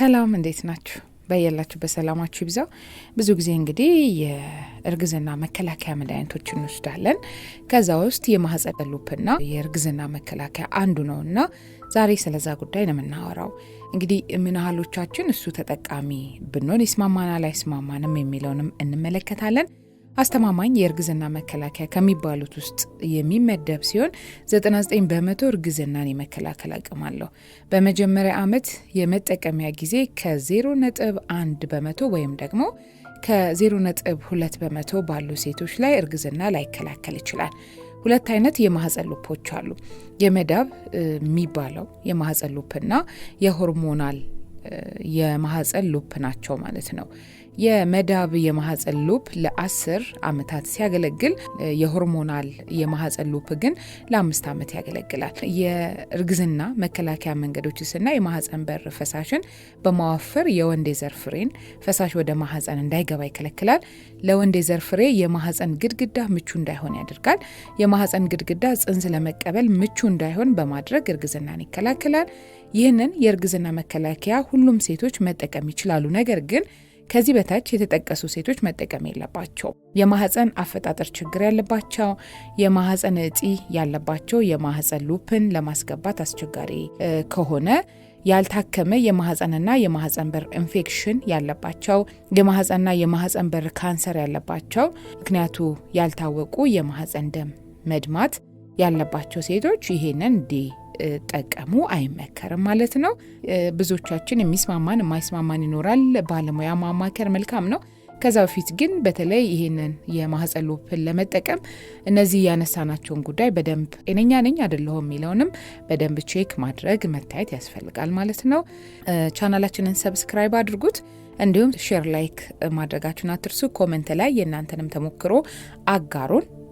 ሰላም እንዴት ናችሁ? በያላችሁበት በሰላማችሁ ይብዛው። ብዙ ጊዜ እንግዲህ የእርግዝና መከላከያ መድኃኒቶች እንወስዳለን። ከዛ ውስጥ የማህፀን ሉፕና የእርግዝና መከላከያ አንዱ ነው እና ዛሬ ስለዛ ጉዳይ ነው የምናወራው። እንግዲህ ምን ያህሎቻችን እሱ ተጠቃሚ ብንሆን ይስማማናል አይስማማንም የሚለውንም እንመለከታለን። አስተማማኝ የእርግዝና መከላከያ ከሚባሉት ውስጥ የሚመደብ ሲሆን 99 በመቶ እርግዝናን የመከላከል አቅም አለው። በመጀመሪያ ዓመት የመጠቀሚያ ጊዜ ከ0.1 በመቶ ወይም ደግሞ ከ0.2 በመቶ ባሉ ሴቶች ላይ እርግዝና ላይከላከል ይችላል። ሁለት አይነት የማህፀን ሎፖች አሉ። የመዳብ የሚባለው የማህፀን ሎፕና የሆርሞናል የማህፀን ሎፕ ናቸው ማለት ነው። የመዳብ የማህፀን ሉፕ ለ10 ዓመታት ሲያገለግል የሆርሞናል የማህፀን ሉፕ ግን ለአምስት ዓመት ያገለግላል። የእርግዝና መከላከያ ስና የማህፀን በር ፈሳሽን በማዋፈር የወንድ የዘር ፍሬን ፈሳሽ ወደ ማህፀን እንዳይገባ ይከለክላል። ለወንድ የዘር ፍሬ የማህፀን ግድግዳ ምቹ እንዳይሆን ያደርጋል። የማህፀን ግድግዳ ጽንስ ለመቀበል ምቹ እንዳይሆን በማድረግ እርግዝናን ይከላከላል። ይህንን የእርግዝና መከላከያ ሁሉም ሴቶች መጠቀም ይችላሉ። ነገር ግን ከዚህ በታች የተጠቀሱ ሴቶች መጠቀም የለባቸው። የማህፀን አፈጣጠር ችግር ያለባቸው፣ የማህፀን እጢ ያለባቸው፣ የማህፀን ሉፕን ለማስገባት አስቸጋሪ ከሆነ ያልታከመ የማህፀንና የማህፀን በር ኢንፌክሽን ያለባቸው፣ የማህፀንና የማህፀን በር ካንሰር ያለባቸው፣ ምክንያቱ ያልታወቁ የማህፀን ደም መድማት ያለባቸው ሴቶች ይሄንን ዲ ጠቀሙ አይመከርም ማለት ነው። ብዙዎቻችን የሚስማማን የማይስማማን ይኖራል። ባለሙያ ማማከር መልካም ነው። ከዛ በፊት ግን በተለይ ይህንን የማህፀን ሎፕን ለመጠቀም እነዚህ ያነሳናቸውን ጉዳይ በደንብ ጤነኛ ነኝ አይደለሁም የሚለውንም በደንብ ቼክ ማድረግ መታየት ያስፈልጋል ማለት ነው። ቻናላችንን ሰብስክራይብ አድርጉት። እንዲሁም ሼር ላይክ ማድረጋችሁን አትርሱ። ኮመንት ላይ የእናንተንም ተሞክሮ አጋሩን።